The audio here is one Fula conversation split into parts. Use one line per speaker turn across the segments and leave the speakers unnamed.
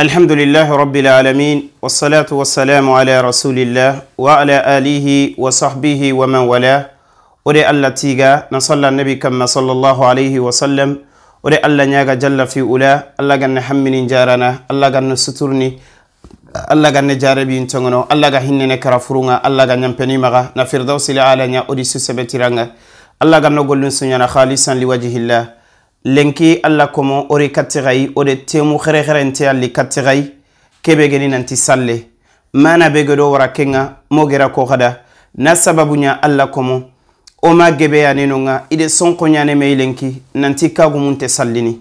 الحمد لله رب العالمين والصلاة والسلام على رسول الله وعلى آله وصحبه ومن والاه ore allah tiga na salla nabi kamma sallallahu alayhi wa sallam ore allah ñaga jalla fi ula allah ganne hamminin jarana allah ganne suturni allah ganne jarabiin togono allah ga hinnene kara furunga allah ga ñampenimaga na firdawsil ala ña odi susebetiraga allah ganno gollun suñana halisan liwajihillah lenki alla komo ori katixayi o de temu xerexerente ali katixayi kebe geni nanti salle mana be gedo wara kenga mo gera koxada na sababuɲa alla komo o ma gebe yaneno nga i de sonxoɲane me i lenki nanti kagumunte sallini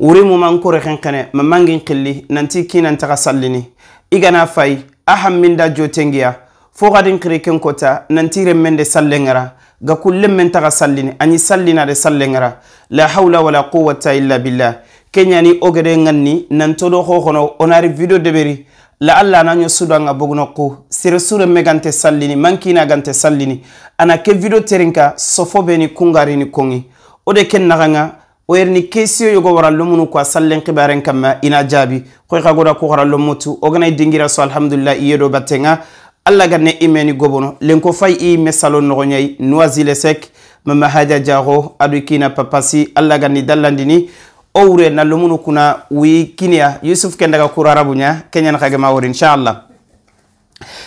wuri muma n kori xenxene mamangin xilli nanti kinantaxa sallini i gana fayi a hamminda jotengiya fo xadin xiri ken kota nanti remmende sallen ŋara ga kullen men taga sallini ani sallinade sallengera la hawla wala quwata illa billah keñani ogede ganni nantoɗo xoxono onari video deɓeri la allah naño sudanga bogno ku sere sure megante sallini mankina gante sallini ana ke video terinka sofobeni kungarini koŋi ode ken naxanga o yerni kesio yogo wara lomunu ko a sallen xibaren kam ma ina jaabi xoy xa goda ku xara lomutu oganay dingira so alhamdulillah iyedo battenga allah ga ne imeni gobono len ko fay i messalo nogoñayi noisile sek mama hadia diaho aɗo kina papasi allah ga ni dallandini o wure nallumunu kuna wi kinia yusuf ke daga kour arabu ña keñan xage ma wori inchallah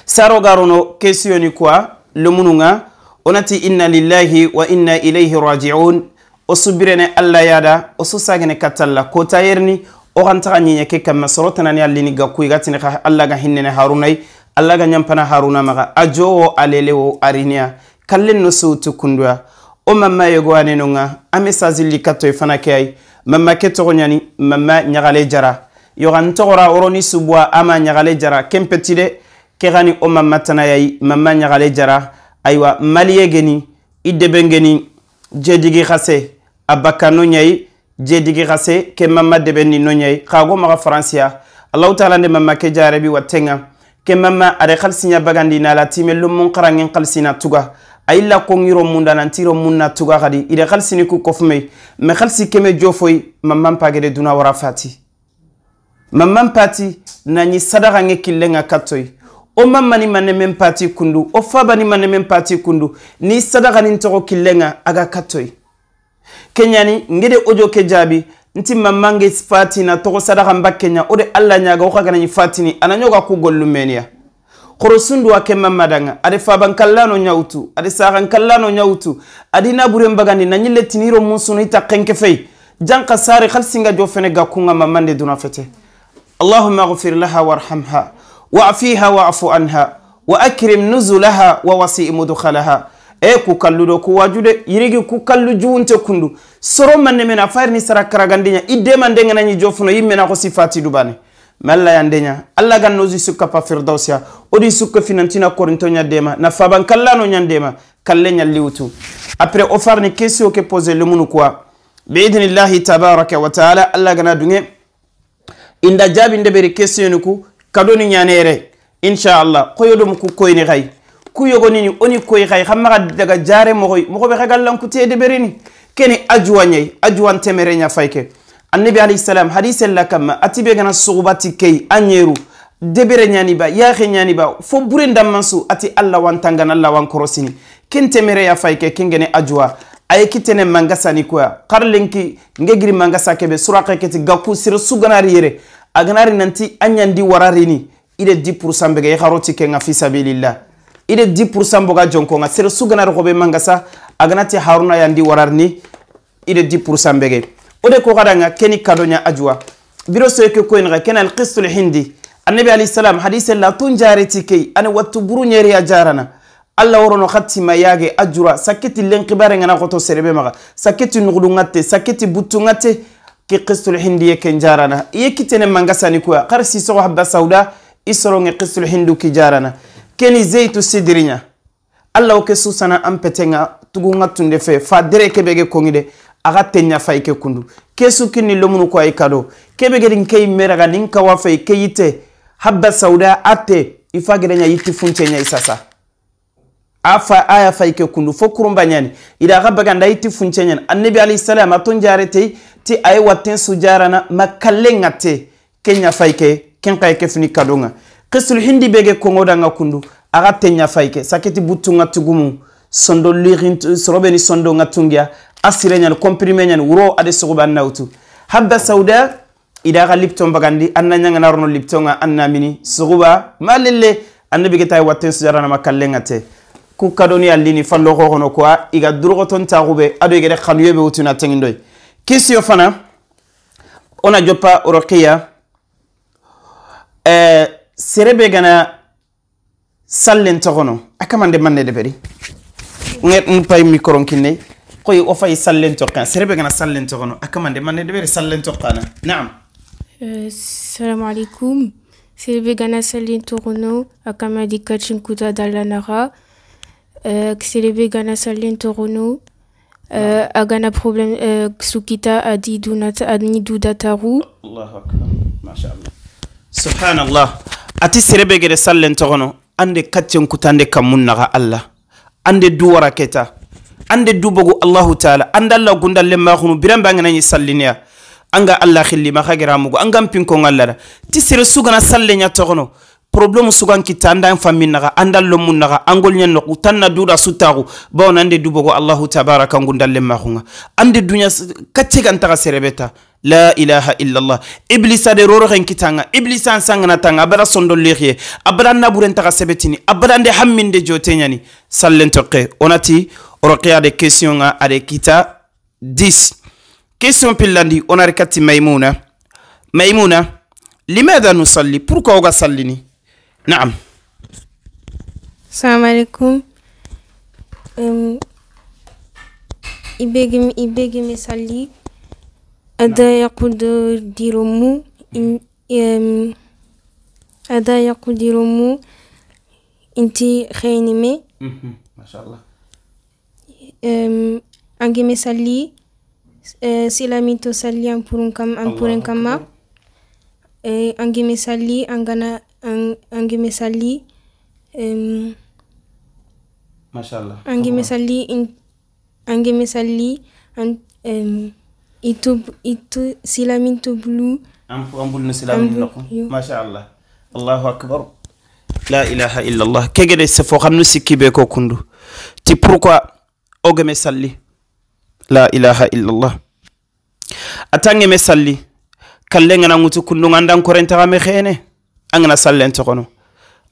saro garono question ni quoi lumunu nga onati inna lillahi wa inna ilayhi radiun o subirene allah yada o susagene kattalla ko tayerni o xantaxa ñiña ke kamma soro tanani allini gakkuyi gatini xa allah ga hinnene harunayi allah ga ñampana haruna maxa a jowo alele wo arinia kallen no sowutu kunduya o mamma yogo aneno ŋa a message li katoy e fana ke ay mamma ke toxo ɲani mamma ɲaxale jara yoxan toxora woroni subuwa ama ɲaxale jara kenpeti de ke xani o mamma tanayayi mamma ɲaxale jara ayiwa maliye geni i deben geni jedigi xase a bakka no ɲayi jedigi xase ke mamma deben ni no ɲayi xa go maxa faransiya allahu taala nde mamma ke jarebi wa tenga kemama are halsiya bagandi nala time lumun karangen halsina tuga ayilla koŋiro mun danantiro mun na tuga hadi ire halsini ku kofume ma halsi keme jofoyi mamanpagede duna wara fati mamman pati nani sadaga ŋe killenŋa kattoyi o mammani manne men pati kundu o fabani manne men pati kundu ni sadaganin togo killenŋa aga kattoyi kenyani ŋede ojo ke jaabi nti mamange fatina togo sadaka mba kenya o alla ñaga wo xa ganañi fatini ana ñoga ku gollumeniya horosundu ake mamadanga ade kallano nyautu ade sahankallano ñawtu adi naburen bagandi nañille tiniro mun sunu ita kenke fey janka sare khalsinga singa jo fene gakkunga mamande duna fete allahumma gfir laha warhamha wafiha wafu anha wa akrim nuzulaha wa wasii mudkhalaha e eh, ku kallu do ku wajude yirigi ku kallu juunte kundu soro manne mena fayirni sara karagandinya idde mande jofno yimme na ko sifati dubane malla yandenya alla ganno zi sukka pa firdausia odi sukka finantina korinto nyadema na faban kallano nyandema kalle nyalliwtu apre o farni kesi o ke poser le munu quoi idnillahi tabaraka wa taala alla gana dunge inda jabi ndeberi question ku kadoni nyanere inshallah koyodum ku koyni gay kuyogonini oni koy xay xa maxa daga jare moxoy moxoɓe xa gallankutede ɓerini kene ajuwañay ajuwan temereña fayke annabi alayhisalam hadisella kamma atibe gana sugubati key a ñeeru debere ñaniba yaxe ñaniba fo bure ndammansu ati allah wantangan allah wan korosini ken temereya fayke kengene ajuwa aye kitene mangasani koya xarlenki ngegiri mangasa kebe surake keti gakku sire suganari yere aganari nanti a ñandi wararini ide 10 pourcent bege i xaroti kenga fisabilillah ile 10% boga jonkonga sere suganar hoɓe manga sa aganati haruna yandi wararni ile 10% mbege ode ko gadanga keni kadonya ajwa biro soyke koynaxa kena alkistul hindi annabi alayhi salam hadise la tun jareti key ane wattu buru ñeriya jarana allah worono xattima yaage a jura sakketi lenkibarengana xoto serebe maga sakketi nuxudunga te sakketi buttunga te ki kistul hindi ye ken jarana iye kitene mangasani kuya xar sisoxo habba sauda i soronge kistul hindu ki jarana keni zeitu sidirinya alla o ke susana an petenga tugu ŋa tunde fe fa dere kebe ge koŋide aga tenya fa ike kundu kesu kini lomunu kwa ikado kado kebe ge din kei meraga nin kawa fe ke yite habba sauda ate ifa gede nya yiti funche nya isasa afa aya fa ike kundu fo kurumba nyani ida aga baganda yiti funche nya annabi alayhi salam aton jare te ti ay waten sujarana makalenga te kenya fa ike kenka ike fini kadonga qistul hindi bege kongo kongodanga kundu aga tenya fayke saketi butu nga tugumu sondo lirintu sorobe ni sondo nga tungia asire nyan komprime nyan uro ade sogobe an nawtu habba sauda ida ga lipton bagandi anna nyanga narono nga anna mini sogoba anna lelle tayo ke sujara na sujaranama nga te kukadoni kadoni allini fallo xoxono kuwa iga ton tagube ado khanuyebe utu na tengindoy kisi yofana ona jopa roqiya eh, serebe gana sallen تغنو akamande manne de beri nget npay ميكرون kinne koy o fay sallen toqan serebe gana sallen togono akamande manne de beri sallen toqana naam
السلام عليكم سيلفي غانا سالين تغنو أكاما دي كاتشين كوتا دالانارا سيلفي غانا سالين تغنو أغانا بروبلم سوكيتا أدي دونات أدني دوداتارو
الله أكبر ما شاء الله سبحان الله ati serebe gere sallen togono ande katten kutande kammun naga allah ande duwara keta ande dubogu allahu taala ande allah gundalle maxunu biran bangenañi sallineya anga allah xilli maxa gera mugu angan pinkon allada ti sere sugana salleña togono problème sugan kitta andan fammin naxa andan lommun naxa angolñen noxu tan na duda suttaxu bawon ande dubogo allahu tabaraka ngundallen maxunga ande duña kattegantaxa serebeta la ilaha illallah iblisa de roro hen kitanga iblisa an sangana tanga abara sondollehiye abara naburen taga sebetini abara nde hamminde joteñani sallen toqe onati oroke ade question nga ade kita 10 question pillandi onare katti maymuna maymuna limada nusalli pourquoi oga sallini naam
salamu aleykum um, salli هذا يقول دير مو هذا يقول دير مو انت خيني مي ما شاء الله انجي مي سالي سلامي تو سالي تسلي أمبورن كم أمبورن كما أنجمي سلي أنجنا أنجمي سلي
ما شاء الله انجي أنجمي
سلي أنجمي سلي أن يتوب يتو سلامين تبلو
أمبول نسلامين نقوم ما شاء الله الله أكبر لا إله إلا الله كجد سفوخم نسكي بيكو كندو تي بروكوا أوغمي سالي لا إله إلا الله أتانغمي سالي كاللنغنا نغتو كندو عندن كورنتغامي خيني أنغنا سالي انتغنو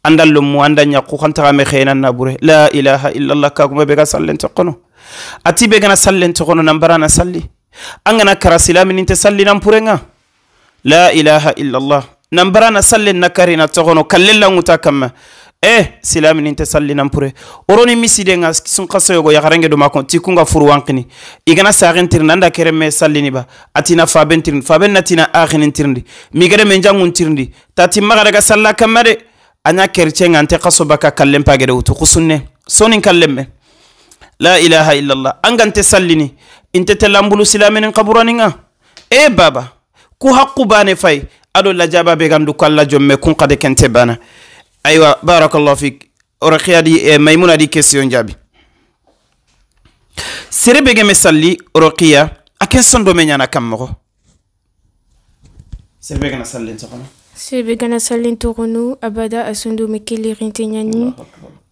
andal lumu anda nyaku kan taga me khayna nabure la ilaha illa allah ka kuma be ga sallen tokono ati be ga na an kana kara silaminin tɛ salli nan purenga la ilaha illallah nan na salli na kari na tɔgɔnɔ kalle languta kamma e eh, silaminin tɛ salli oroni misiden ga sun kasa yogo yagarenge ti kun ga furu wankini i gana saxin atina faben faben natina axinin tirindi migere tati magara salla kamma de a ɲa kerce kaso baka kallen pagede wutu xusunne sonin kallen la ilaha illallah an sallini inte tellanbulu silaminin kaburaninga e eh, baba ku hakku bane fay ado lajaba be gandu ko alla jomme kun kade kente bana aywa barakallahu fik ora khiyadi e eh, maymuna di question jabi sere bege me salli roqiya aken sondo me ñana kam moxo sere bege na sallin soxono
sere bege na sallin toxonu abada a sondo me kelirinte ñani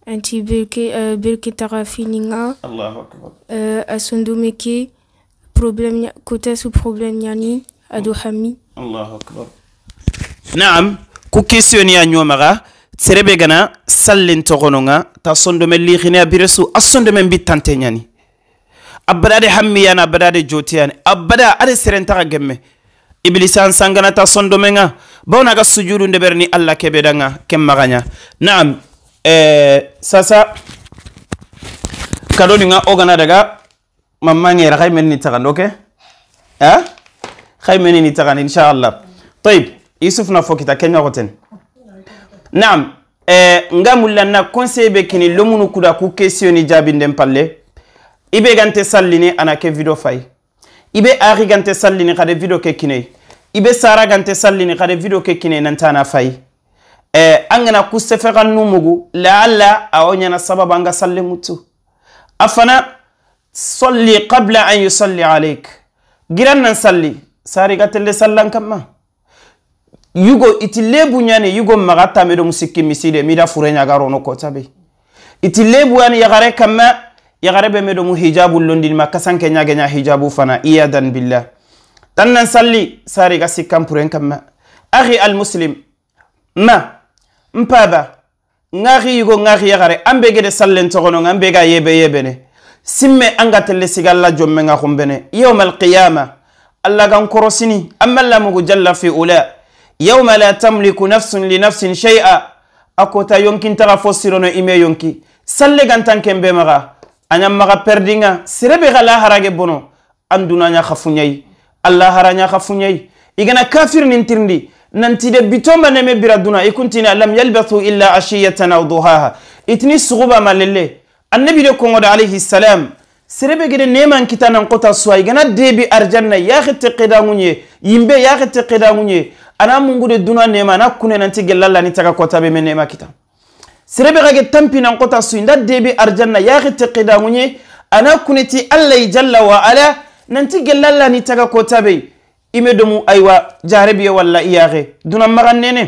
anti eh, birke birke tarafininga fininga Allahu akbar eh, asundumiki asundu meke problem kota su problem yani adu hami
Allahu akbar na'am ku question ya nyomaga tserebe gana sallin togononga ta sondo melli khina abiresu asondo men bitante nyani abada de hammi yana abada de joti abada ade serenta ga gemme iblisan sangana ta sondo menga bawna ga sujudu ndeberni alla kebedanga kemmaganya na'am eh, sasa kado ninga ogana daga mamangera xay men ni taxan ok a xay men ni taxan inchallah tayib isuf na fokita keñaxoten naam eh, nga mulanna conseil be kini lomunu kuda ku questionni jabinden palle i be gante sallini ana ke video fay i be axi gante sallini xade video ke kinei i be sara gante sallini xade video ke kinei nantana fay eh, an gana kusa fagen numugu la'alla a wanyana sababa an ga salli mutu a fana salli kabla an yi salli alaik giran nan salli sari ga talle sallan kama yugo iti lebu nyane yugo magata mido musiki miside mida fure nyaga rono kota be iti lebu yani yagare kama yagare be mido mu hijabu londin ma kasanke nyage nya hijabu fana iya dan billah tan nan salli sari ga sikkan puren kama أخي المسلم ما mpaba ngari yugo ngari yaxare an be gede sallen toxononga an be ga yebe yebene simme an sigalla jomme nga alla jommenga xumbene yawma alla gan korosini amma mugo jalla fi ula yawma la tamliku nafsun li nafsin shay'a akota yonkin tara fosirono ime yonki salle gantan kenbe maxa aña maxa perdinga serebe gala harage bono anduna nya khafunyai alla haranya khafunyai igana kafir nin ننتدى بتوما نمي بردنا يكونتنا لم يلبثوا إلا عشية أو ضحاها إتني سغبا ما للي النبي لكم عليه السلام serebe gede neman kita nan kota suwa igana debi arjanna yaxete kedanŋuɲe yimbe yaxete kedanŋuɲe ana mungude duna nema ana kune nanti gellalla ni taga kotabe me nema kita serebe xa ge tampi nan kota su inda debi arjanna yaxete kedanŋuɲe ana kuneti alla i jalla wa ala nanti gellalla ni taga kotabe ime domu aywa jarebiye walla iyaxe dunan maxan nene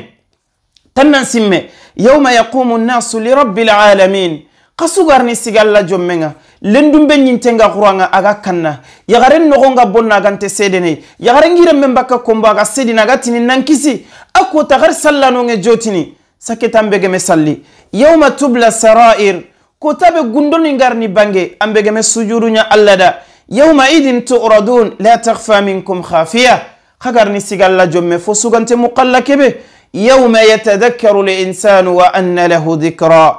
tan nan simme yauma yaqumu nnasu lirabbi lalamin xa sugarni sigalla jommenga lendun be ɲintenga xuranga aga kanna yaxaren noxonga bonna agante sedene yaxaren girenmen bakka kombo aga sedini aga tini nan kisi a kota xar sallanonge jotini saketan begeme salli yauma tubla sarair kota be gundoningarni bange an begeme sujuruɲa allah da yawmaidin turadun la tahfa minkum khafiya hagarni sigalla jomme fo sugante muqalla keɓe yawma yatadakkaru linsanu wa anna lahu dicra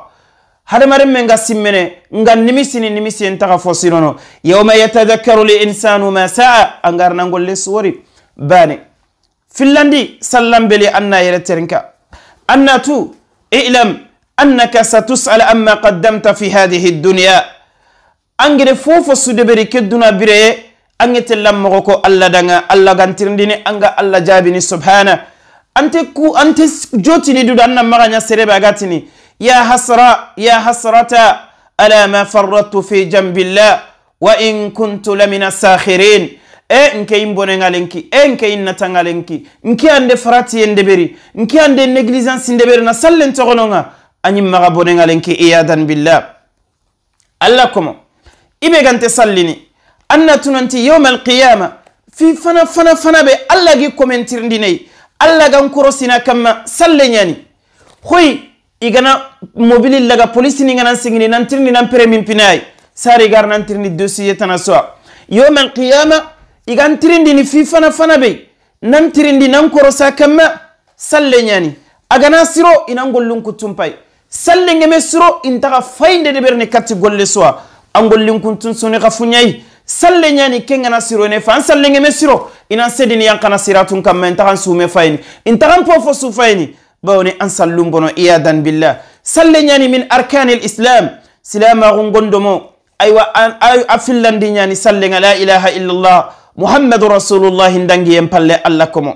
hadamaren me nga simmene nga nimisini nimisi en taxa fo sinono yawma yatadakkaru linsanu ma saa a ngarnangolle suwori bane fillandi sallambeli anna yere terenka anna tu ilam annaka satusal anma qaddamta fi hadihi dunia angene fofo sudeberi kedduna bireye angetella mogo ko allah danga allah gantirdini anga allah jabini subhana ante ku ante jotini duda anna maganya serebe agatini ya hasra ya hasrata ala ma farrattu fi jambillah wa in kuntu lamin assakhirin e nke in bone ngalenki e nke in nata ngalenki nke ande farati yendeberi nke ande negligence ndeberi na sallen togononga anyim maga bone ngalenki iyadan billah allah komo ibe gante sallini anna tunanti yowma alqiyama fi fana fana fana ɓe allah gi komentirdinayi allah gan korosina kamma salle ñani hoy igana mobili laga police ni ganan sigini nantirdi nan pre min pinayi sari gar nantirdi dossier tana soa yowma alqiyama igantirindini fi fana fana ɓe nantirindi nan korosa kamma salle ñani agana siro inan gollun kuttumpayi salle geme siro intaga fayde de ɓerni katti golle soa angollinkuntun soniha fuñayi salle ñani kengana sirone fa an sallengeme siro inan sedini yankana siratun kamma intahan sume fayini intahan pofo su fayini bawni an sallumbono iyadan billah salle ñani min arkani l islam silamaxu gondomo aywa a fillandi ñani sallenga la ilaha illallah muhammadu rasulullahi dangiyen palle allah komo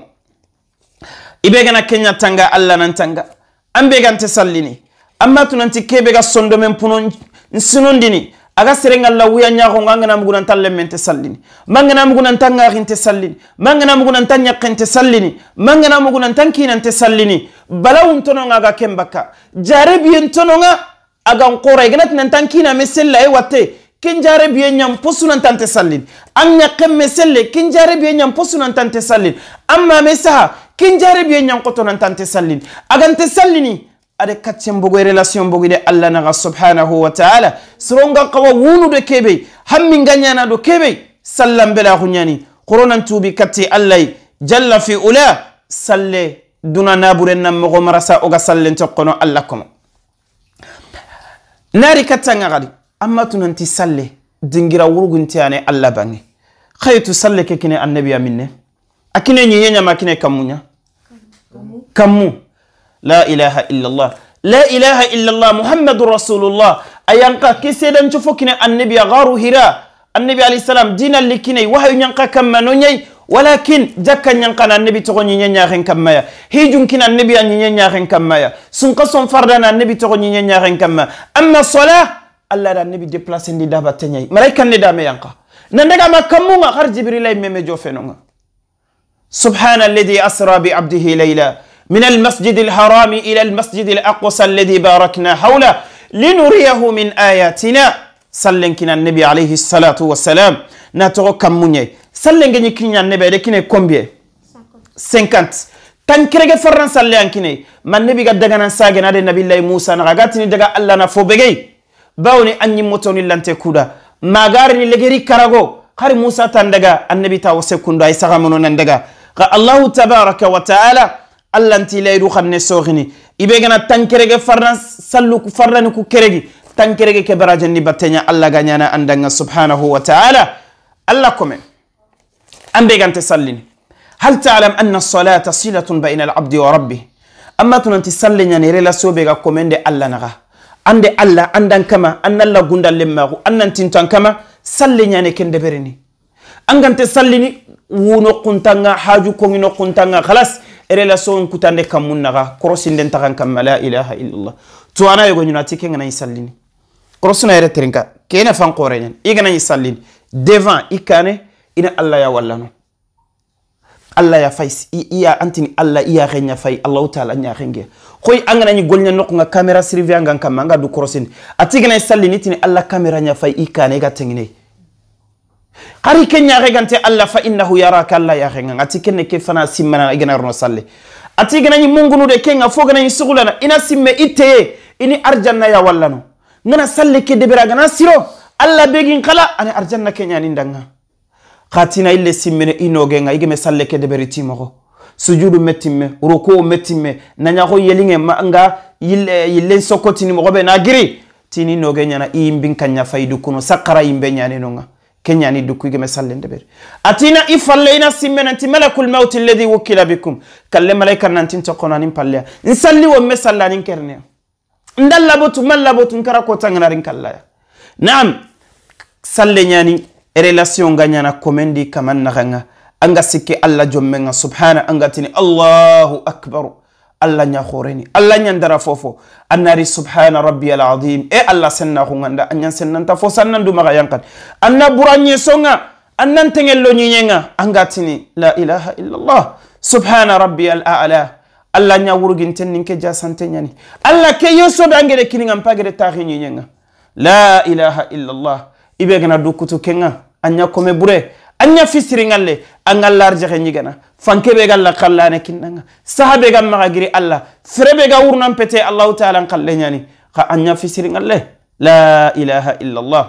ibe gana keña tanga allah nan tanga an be gante sallini amma tunanti kebe ga sondomen puno n sinondini aga sereŋal la wuya ñaxonga a ngana mugunanta lemente sallini ma ngana mugunanta ŋaxinte sallini ma ngana mugunanta ñakinte sallini ma ngana mugunanta kinante sallini balawun tononga aga ken bakka jare biyen tononga aga nkora iganatinanta kiname sella e watte kin jare biye ñam posunantante sallini an ñakken me selle kin jare biye ñam posunantante sallini an mame saha kin jare biye ñankotonantante sallini agante sallini ada kacce mbogo e relation mbogo ide allah naga subhanahu wa taala sorongal kawa wunude keɓey hammi gañanaɗo keɓey sallam bela huñani koronantuubi katte allahy jalla fi ula salle duna naburen nan mogo marasa oga sallen tokkono allah kono naari kattanga kadi amma tunanti salle dingira wurguntiyane allah bange hayetu salle ke kine annabi aminne akine ñiñeñama kine kammuña kammu la ilaha illallah la ilaha illallah muhammadu rasulullah a yanka ke sedanco fo kine annabi a garu hira annabi alayhisalam dinalli kinei wahayu ñanka kamma no ñayi walakin jakka ñankana annabi toxo ñiña ñaxen kammaya hijum kin annabi a ñiña ñaxen kammaya sunka son fardana annabi toxo ñiña ñaxen kamma amma sola allah da annabi déplace ndi daba te ñayi malaikan ne dame yanka nandagama kammunga xar jibrilay meme jofenonga subhana alladi asra bi abdihi layla من المسجد الحرام إلى المسجد الأقصى الذي باركنا حوله لنريه من آياتنا سلنكنا النبي عليه الصلاة والسلام ناتو كم مني سلنكني كنيا النبي لكن كم بيه سنكنت تنكرك فرنا سلنكني ما النبي قد دعنا ساجنا نبي الله موسى نغاتني دعا الله نفوبجي باوني أني موتوني لن تكودا ما غارني لجري كارغو خير موسى تندعا النبي تاوسكوندا إسحاق منو نندعا الله تبارك وتعالى allanti laydu xamne sooxini ibe gana tankerege farna sallu farrani ku keregi tankerege ke barajandi batteña allah gañana andanga subhanahu wa taala allah komen ambe gante sallini hal talam anna solata silatun baina alabdi wa rabbi amma tunanti salleñani relation ɓega komende allah naxa ande allah andan kama anallah gundal le maxu annantintan kama salleñane ken deɓereni angante sallini wuno quntanga haju kongino quntanga xalas relation kutande kam mun naxa crossinden taxan kam la ilaha illallah to ana yogoñunati ke ganai sallini crossna yere terinka kene fan qoreñen i ganai sallini devant i kane ina allah ya wallano allah ya fay iya antini allah iya xeña fay allahu taala ñaxengea xoy a ngana ñi golña noqunga caméra surveillant ngan kam ma anga du crossine ati ganai sallini tini allah caméra ña fay i kane i ga tengine xari ke ñaxegante allah fa innahu yaraka allah yaxenga ati kene ke fana simmana iganarono salle ati ganañi mungunude kenga fo ganañi suxulana ina simme i teye ini arjanna ya wallano ngana salle ke debera gana siro allah begin xala ani arjanna ke ñanindanga xatina ille simmene i nogenga i geme salle ke deberi timoxo sujudu mettinme rokuo mettinme nañaxo yelinge nga yillen sokkotini moxo ɓe na giri tini noge ñana i yimbin kanña fayidu kuno saqara yimbe ñanenonga kenya ni duku me sallende ɓere atina i falle simme nanti malakul mawti alladi wukila bikum kalle malaika nantin tokkono anin nsalli n salli won me salla anin kerneya ndan botu man labotu nkara kotanganarin kallaya naam salle nyani relation ga ñana comendi kaman naxanga anga sikke allah jommenga subhana anga tini allahu akbaru allah ñahoreni allah ñandara fofo annari subhana rabbiyal adim e allah sennaku ganda a ñan sennanta fo sannandumaxa yankan anna buranñe songa annan tegello ñiñenga angatini la ilaha illallah subhana rabbiyal ala allah ña wurgin nin ke jasante ñani allah ke yo sodangede kiningan pagede taxi ñiñenga la ilaha illallah ibe gana dukkutu kenga a kome bure a ña fisiringalle a ngallarjexe ñigana fanke be galla kallane kinɗaga saha be gam maga giri allah fere be ga wurnan pete allahu taala n kalle ñani ka anña fisiriallah la ilaha illallah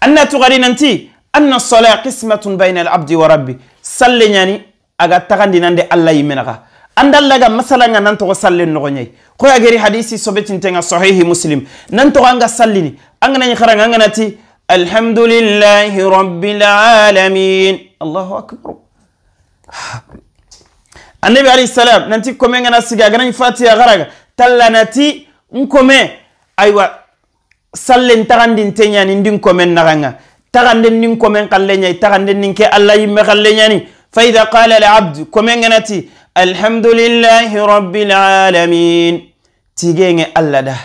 anna tugari nanti anna sala qismatun baina alabdi wa rabbi salle ñani aga tagandinande allah yimenaga andallaga masalaga nantogo sallen nogoñayi koy a geri hadisi sobetintenga sahihi muslim nantogo anga sallini anganañi xaraga anganati alhamdulilahi rabbilalamin allahu akbaru annabi alayhi salam nanti komme gana sigi a ganañ fatiya xaraga talla nati n komme aywa sallen taxandin teñani ndin commen naxanga taxanden nin commen xalleñay taxanden nin ke allah yimme xalleñani fa ida qala alabd komme ganati alhamdulilahi rabilalamin tigenge allah da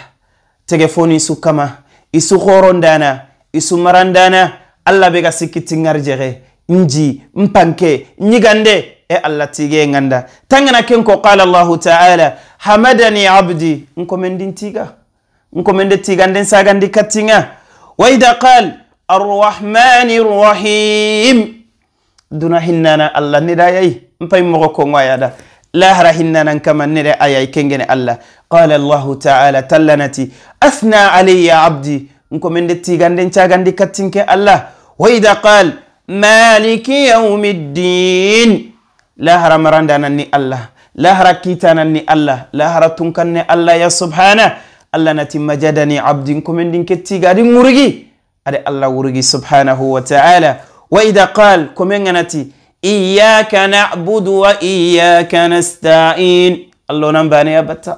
tege foni su kama isu xoro ndana isu maran dana allah be ga sikki tingar jexe nji npanke nyigande e allah tige ganda tangana ken ko qala allah taala hamadani abdi nkomendin tiga nkomende tiganden sagandi kattinga wa ida qal arrahmani rrahim duna hinnana allah neda yayi npay mogo kongoayada lahara hinnanan kama nede ayay kengene allah qala allahu taala tallanati athna alayya abdi nkomende tiganden cagandi kattinke allah wa ida qal maliki yawmiddin lahara marandananni allah lahara kitananni allah lahara tunkanne allah ya subhana allah nati majadani abdin komendin kettiga adin wurgi ade allah wurgi subhanahu wa ta'ala wa ida qal komenga nati iyyaka na'budu wa iyyaka nasta'in allah nan bane ya batta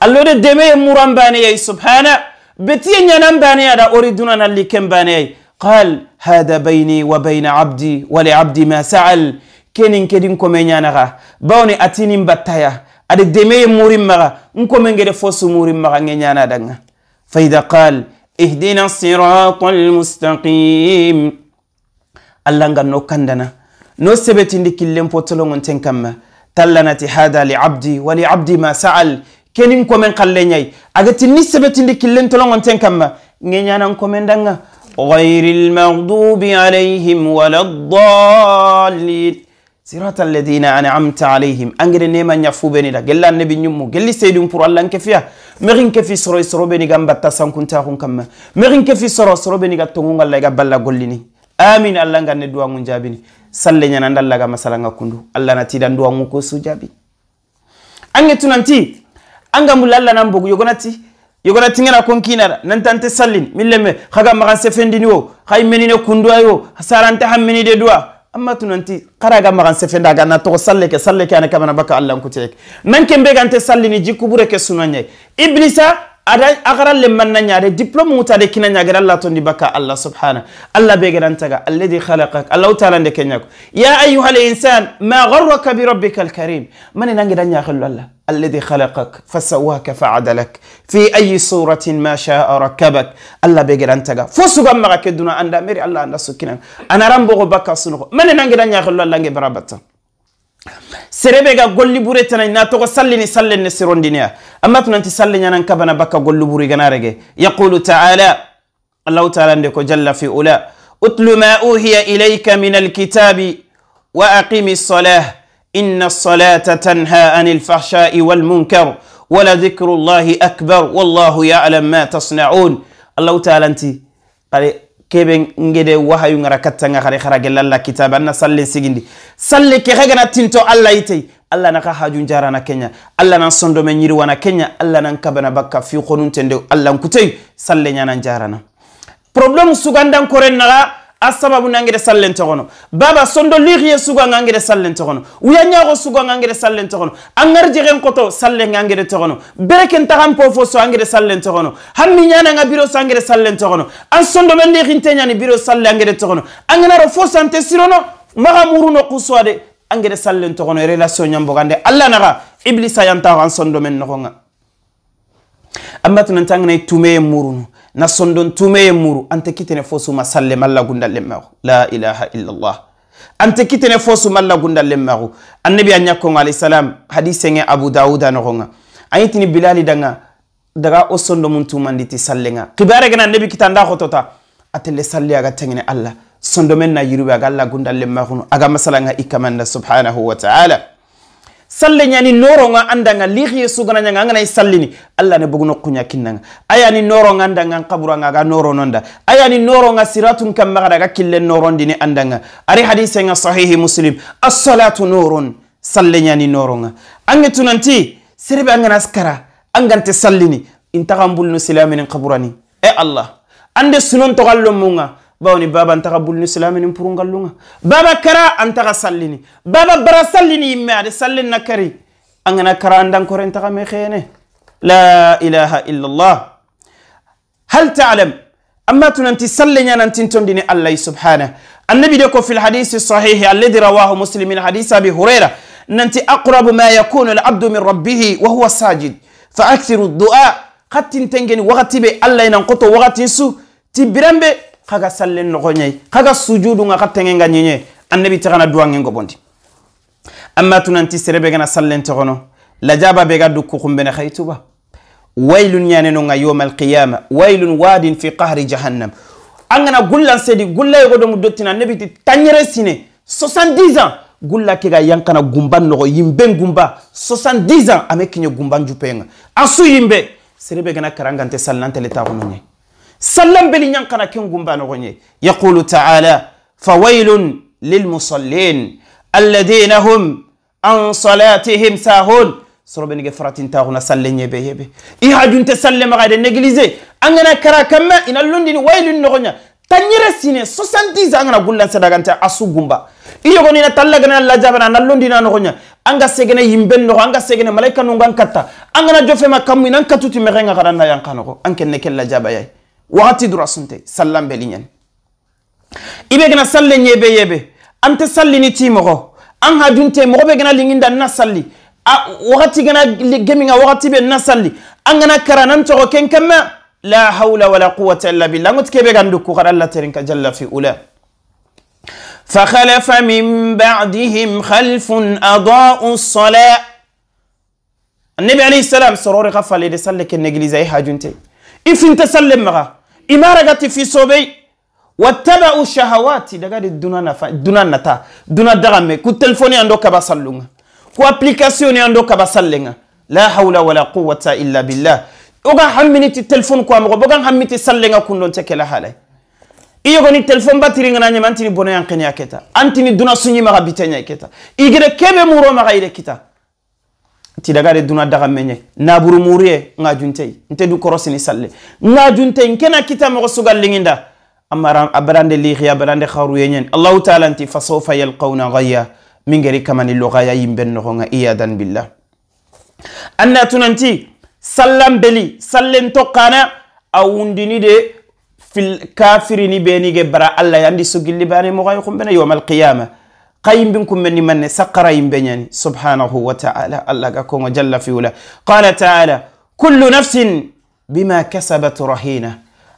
allah de deme muran bane ya subhana betiye nyanan bane ya da ori dunan alli ken bane ya qal hada bayni wa bayna abdi wa li abdi ma saal kenin kedin kome ñanaxa bawni atinin battaya ada demeye murin maxa n kome ngede fosu murin maxa ge ñanadanga fa ida qal ihdina sirata almustaqim allah ngan no kandana no sebetindi killen potolongon ten kamma tallanati hada li abdi wa li abdi ma saal kenin komen xalle ñay aga tinni sebetindi killen tolongon ten kamma ge ñanan komen danga غير المغضوب عليهم ولا الضالين صراط الذين أنعمت عليهم أنجر نيما نيفو بني دا جل النبي نيمو جل سيدون بور الله كفيا مغين كفي سرو سرو بني غام باتا سان كنتا هون كما مغين كفي سرو سرو بني غاتون الله غبالا غوليني آمين الله غان دعوا من جابيني صلي نان الله غا مسالا غكندو الله نتي دان دعوا مكو سجابي أنجتو نانتي أنجا مولا الله نامبو يغناتي yogona tingana konkinara nantante sallin millenme haga maxan sefendini wo xay menine kunduwayi wo sarante xa menide duwa amma tunanti xaraga maxan sefenda gana toxo salleke salleke ana kamana bakka allankuteyeke nan ke mbegante sallini jikkubure ke sunanñayi iblisa a xara lemmanna ñade diplôme ŋutade kina ñagere alla tondi bakka allah subhana allah begerantaga alladi halakak allah wutalande ke ñako ya ayuha linsan ma garraka birabika alkarim mani nangeda ñaxellu allah الذي خلقك فسواك فعدلك في أي صورة ما شاء ركبك الله بيجر أنتجا جا فسوا معك كدنا أندا ميري الله أندا سكينا أنا رام بغو بكا سنو من نعيد أن يخلو الله نجيب رابطة سيري بيجا قولي بورتنا تنا ناتو سلني سلني سيرون دنيا أما تنا تسلني أنا كبنا بكا قولي بوري جنارجى يقول تعالى الله تعالى عندك جل في أولى أتل ما أوهي إليك من الكتاب وأقيم الصلاة إن الصلاة تنهى عن الفحشاء والمنكر ولذكر الله أكبر والله يعلم ما تصنعون الله تعالى نت keɓen ngede wahayu ngara kattanga xare xara gelalla kitabe anna sallen sigindi salle ke xegana tinto allah yitey allah naxa haju jarana kenya allah nan sondome ñiriwana kenya allah nan kabana bakka fi xonunten de allahnkutey salle ñana jarana probléme sugandankoren naxa a sababu nangede sallente xono baba sondo lixiye sugo angangede sallente xono wuya ñaxo sugo angangede sallente xono a ngar jexen koto sallengangede te xono bereken taxan pofo so angede sallente xono han mi ñananga biro so angede sallente xono an sondo men lixinteñani biro salle angede te xono a ngenaro fo sante sirono maxa muruno qu soa de angede sallente xono e relation ñambogande allah naxa iblis a yantaxo an sondo men noxonga a mbatunanta ngenay tumeye murunu nasson ɗon tumeye muru ante kitene fo suma salle malla gundal lemmaxu la ilaha illallah ante kitene fo sumalla gundal lemmaxu annabi a ñakkongo alayi salam hadi senge abou daoud anoxonga a yitini bilali danga daga o sondo mun tumanditi sallenga xibare gena annabi kita anda xotota atele salle aga tengene allah sondo men na yiruɓe aga alla gundal lemmaxunu aga masalanga i kamanna subhanahu wa taala salle ñani noronga andanga lihiye sugana ñanga ngana sallini allah ne bugu nya bogno kunya kinnanga ayani noronga andanga qaburanga ga norononda ayani noronga siratun kam magara ga killen norondini andanga ari hadise nga sahihi muslim as-salatu nurun salle ñani noronga ange tunanti serbe angana askara angante sallini intaxambulnu silaminin qaburani e allah ande sunon toxallon munga باوني بابا antaka قبول silami nin purun gallunga baba kara antaka sallini baba bara sallini yimme ade sallin na kari angana kara andan kore antaka لا اله la ilaha هل تعلم أما تنتي سلنا ننتي تندني الله سبحانه النبي دكو في الحديث الصحيح الذي رواه مسلم من حديث أبي هريرة ننتي أقرب ما يكون العبد من ربه وهو ساجد فأكثر الدعاء قد تنتنجن وقت بي الله ينقطه وقت يسو تبرم kaga sallen noxoñayi kaga sujudunga xa tengenga ñeñe annabi taxana duwangen gobondi amma tunanti serebe gana sallen toxono lajaba be ga dukku xumbene xay tuba wailun ñanenonga yoma alqiyama wailun wadin fi qahri jahannam an gana gullan sedi gullayigo domu dottina annabi ti tañere sine 70 ans gulla ke ga yankana gumba noxo yimben gumba 70 ans ame kiñe gumban jupenga a su yimbe serebe gana karangante sallantele taxuno ñayi سلم بلي نيانكنا كين غومبانو غني يقول تعالى فويل للمصلين الذين هم عن صلاتهم ساهون سرب نيغ فراتين تاغنا سلن يبي يبي اي حاجون تسلم غادي نغليزي أننا كرا كما ان لوندين ويل نغنيا تنير سيني 70 انغنا غولان سداغانتا اسو غومبا اي يغني نتلغنا لا جابنا نلوندين نغنيا anga segene yimben no anga segene malaika no ngankata anga na jofe makamu inankatuti merenga kana yankanoko anke nekella jabayai wati dura sunte sallan be linyen ibe gana salle nyebe yebe ante salli ni ti an ha dunte mogo be gana linginda na salli a wati gana geminga wati be na salli an gana karanan to ken kama la hawla wala quwwata illa billah ngot kebe gandu ku qara Allah terinka jalla fi ula فخلف من بعدهم خلف أضاءوا الصلاة النبي عليه السلام سرور غفل يسلك النجليزي حاجنتي إف انت سلم مغا imara gati fi sobey wattaba'u shahawati dagadi duna nata duna dagame ku telefoni ando kaba sallunga ku application ando kaba sallenga la hawla wala quwwata illa billah oga hamminiti telefon ko amogo boga hammiti sallenga kundon tekela halay ni telefon batiri ngana nyama antini bono yankene keta antini duna sunyi maga bitenya aketa igire kebe muro maga ire kita tidagade duna dagameñe naburu muruye nga juntey nte du korosini salle nga juntey nkena kita mogo sugalliginda amara abarande lihi abarande haruyeñen allahu taala nti fasaufa yalkauna gaya mingeri kamani logaya yimben nogonga iyadan billa anna tunanti sallan beli sallen tokkana a wundini de fil kafirini benige bara allah yandi sugilli bane mogoy kumbene yoma alqiyama kayimbin kummenni manne sakkarayim beñani subhanahu wa taala allah ga kongo jalla fiwla qala taala kullu nafsin bima kasabat rahina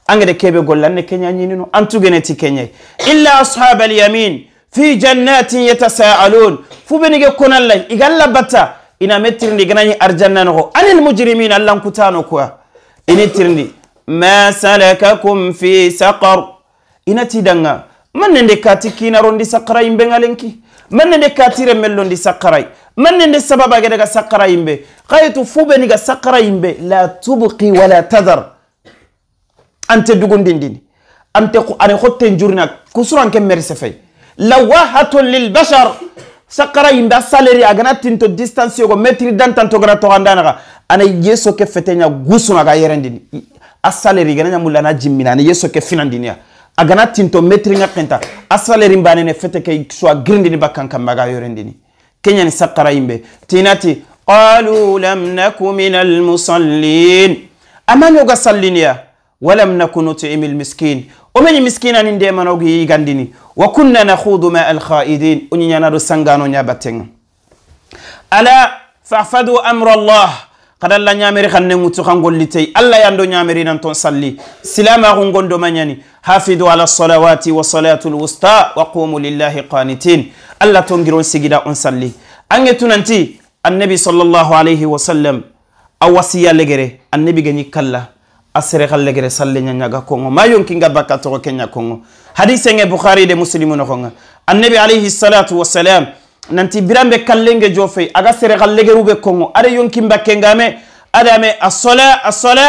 angede keɓe gollanne keñañinino antugeneti keñay illa ashaba alyamin fi jannatin yatasaalun fu ɓenige konallay igalla batta ina mettirndi ganañi arjannanoko anil mujrimin allankutano kuwa inettirndi ma salakakum fi saqar inatidanga manne nde kati kinaro ndi sakkara yimɓe ŋalenki manne nde katire mello ndi sakkaray manne nde sababage ɗega sakkara yimɓe kayto fuɓeniga sakkara yimɓe la tubki wala tadar ante dugundindini ante ane hotte jurina kusuranke merse fay lawahatun lilbashar sakkara yimɓe a saleri agana tinto distancio go métri dantanto gana toxandanaxa ana yesoke feteña gusunaga yerendini a saleri ganañamulana jimmina ana yesoke finandiniya a gana tinto métriŋa kenta a saleri banene fete ke soit girindini bakkan kam maga yorendini keñani sakara yimɓe tinati qalu lam naku min almusallin ama ñoga salliniya walam naku nutimi lmiskin o meñi miskinani ndemanogu yigandini wa kunna nahudu ma alkhaidin o ñiñanaɗo sangano ñabatteŋa ala fafadu amra allah kada la nyameri khanne ngutu khangolli tay alla yando nyameri nan ton salli silama gondo manyani hafidu ala salawati wa salatu alwusta wa qumu lillahi qanitin alla tongiron sigida on salli ange tunanti annabi sallallahu alayhi wa sallam awasiya legere annabi gani kalla asere khal legere salli nyaga kongo mayon kinga bakato kenya kongo hadise nge bukhari de muslimu no kongo annabi alayhi salatu wa salam nanti birambe kallenge jo fey aga sere gallegerube kongo ada yonkimba kengame adame assola assola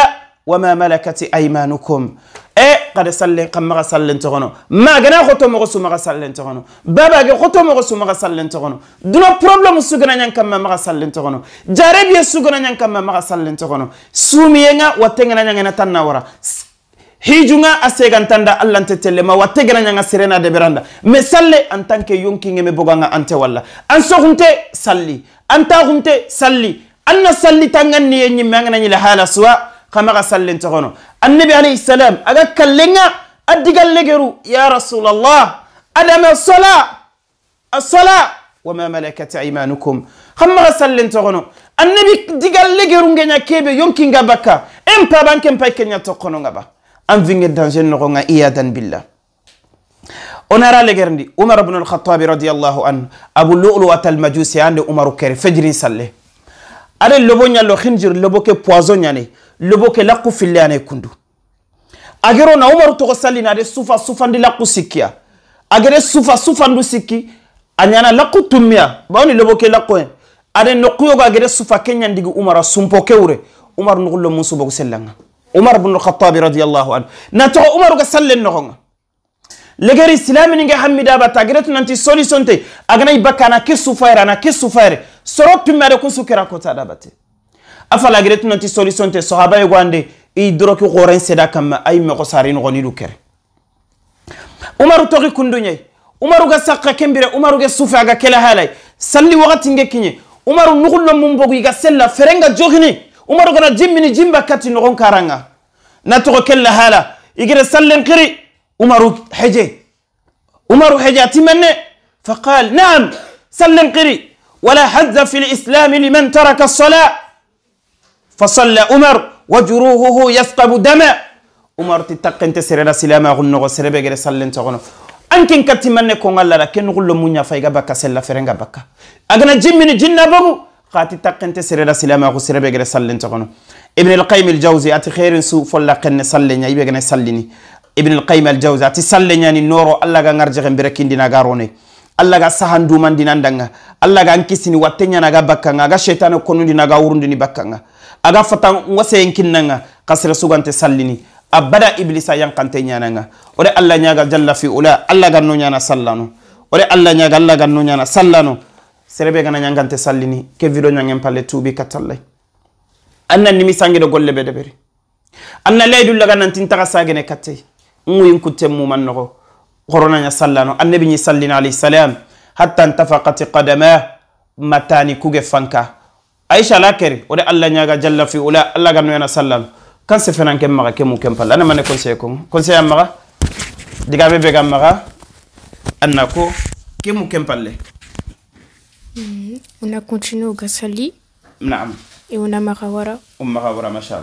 wama malakati aymanukum e kada sallen kam maga sallen togono magana xoto mogo su maga sallen togono babage xoto mogo su maga sallen togono duna problème sugana ñan kamma maga sallen togono jarebiye sugana ñan kamma maga sallen togono sumiyenga wattengana ñangena tanna wara hijunga a segantanda allante telle ma wa tegeranyanga serena deberanda mais salle en tant que yonkingeme boganga ante walla an sohunte salli anta hunte salli anna salli tanganniye ñimme anganañile hala suwa xamaxa sallente xono annabi alayhi salam aga kallenga a digallegeru ya rasulallah adama sola a sola wama malakat imanukum xammaxa sallente xono annabi digallegeru ngeña keɓe yonkinga bakka impabankempay keña toqonongaba an finge dansen nogonga iyatan billah onara legerndi umar bnu alkhatabi radiallahu an abu lu'luwat almajusi ande umaru kere fejirin salle aɗa lobo ñallo hinjir lobo ke poison ñane lobo ke lakku fille ane kundu agero na umaru togo sallini ade sufa sufandi lakku sikkiya agere sufa sufandu sikki a ñana lakku tummiya bawni lobo ke lakku hen aɗa nokkuyogo agere sufa ke ñandigi umara sumpo kewre umaru nugullo mun subogo sellanga umar bnu lhatabi radiallahu anhu natoxo umaru ga sallen noxonga legeri silamininge hammidabata geretu nanti solution te aganai bakka ana ke sufayre ana ke sufayre soro tumme ade kun sukira kota dabate afala geretu nanti solution te sahaba yego ande i doroki xoren seda kamma ayi mexo sari noxonidu kere umaru toxi kunduñayi umaru ga sakka kembire umaru ge sufe aga kele halay salli waxatinge kiñe umaru nuxullo mun bogu iga sella ferenga joxini umar gona jimmini jimba kati nogon karanga na togo kella hala igire sallen qiri umaru heje umaru heje atimenne faqal naam sallen qiri ولا حد في الإسلام لمن ترك الصلاة فصلى عمر وجروهه يثقب دما عمر تتقن تسرى سلاما غنو غسر بغير صلى تغنو ankin katti manne ko ngalla da ken gullo munya fay ga bakka sella ferenga bakka agana jimmini jinna bamu قاتي تقنت سرلا سلاما خو سربه غير سلن تقنو ابن القيم الجوزي اتي خير سو فلا قن سلن يبي غن سلني ابن القيم الجوزي اتي سلن يعني نورو الله غا نرجخن بركين دينا غاروني allah ga sahan dumandina danga allah ga nkisini watte ñanaga bakkanga aga shetane konundina aga wurundini bakkanga aga fatan waseyenkinnanga kasira sugante sallini abada iblisa yankante ñananga ode allah ñaga jalla fi ula allah ganno ñana sallano ode allah ñaga allah ganno ñana sallano sere ɓe gana ñangante sallini kevido ñangen palle tuuɓi kattallay annan nimi sangeɗo golle ɓe deɓere anna laydullaga nantin taxa sagene kattey uyin kutten muman noxo xoronaña sallano annabiñi sallina alayhi salam hatta ntafakati kadama matani kuge fanka aicha la kere ode allah ñaga jalla fi ula allah ga noyana sallano kan se fenanken maxa ke muken palle anamane conseiller kon conseiller an maxa digaɓe began maxa anna ko ke muken palle
Mhm. On a continué au Gassali. Naam. Et on a Marawara.
On Marawara, machallah.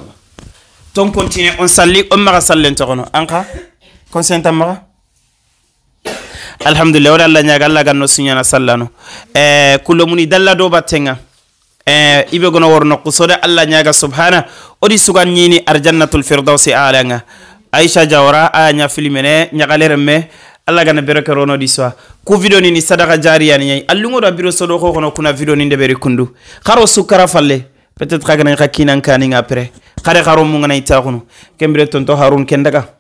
Donc Ton continue, on sali, on mara salen torono. Anka, consent mara. Alhamdulillah, ora Allah nyaga Allah ganno na sallano. Eh, kulomuni dalla do batenga. Eh, ibe gono worno kusoda Allah nyaga subhana. Odi sugan nyini tul firdausi alanga. Aisha Jawara, a nya filimene, nyagalere me. alla gana bere ke rono diswa ku video ni ni sadaka jariya ni nyai allungo da biro sodo ko kono kuna video ni ndebere kundu kharo sukara falle peut-être ka gana ka kinan kani nga pre khare kharo mu ngana ita kuno kembere tonto harun kendaga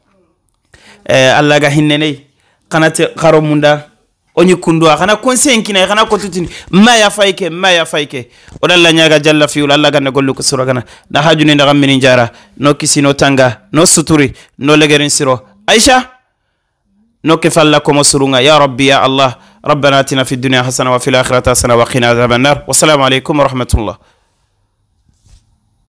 eh alla ga hinne nei kana te kharo munda onyi kundu a kana conseil kina kana kotutini ma ya fayke ma ya fayke o la nyaga jalla fi ul alla ganna gollu ko sura kana na hajuni ndaga minin jara no kisi no tanga no suturi no legerin siro aisha نوكي لكم كومو يا ربي يا الله ربنا اتنا في الدنيا حسنه وفي الاخره حسنه وقنا عذاب النار والسلام عليكم ورحمه الله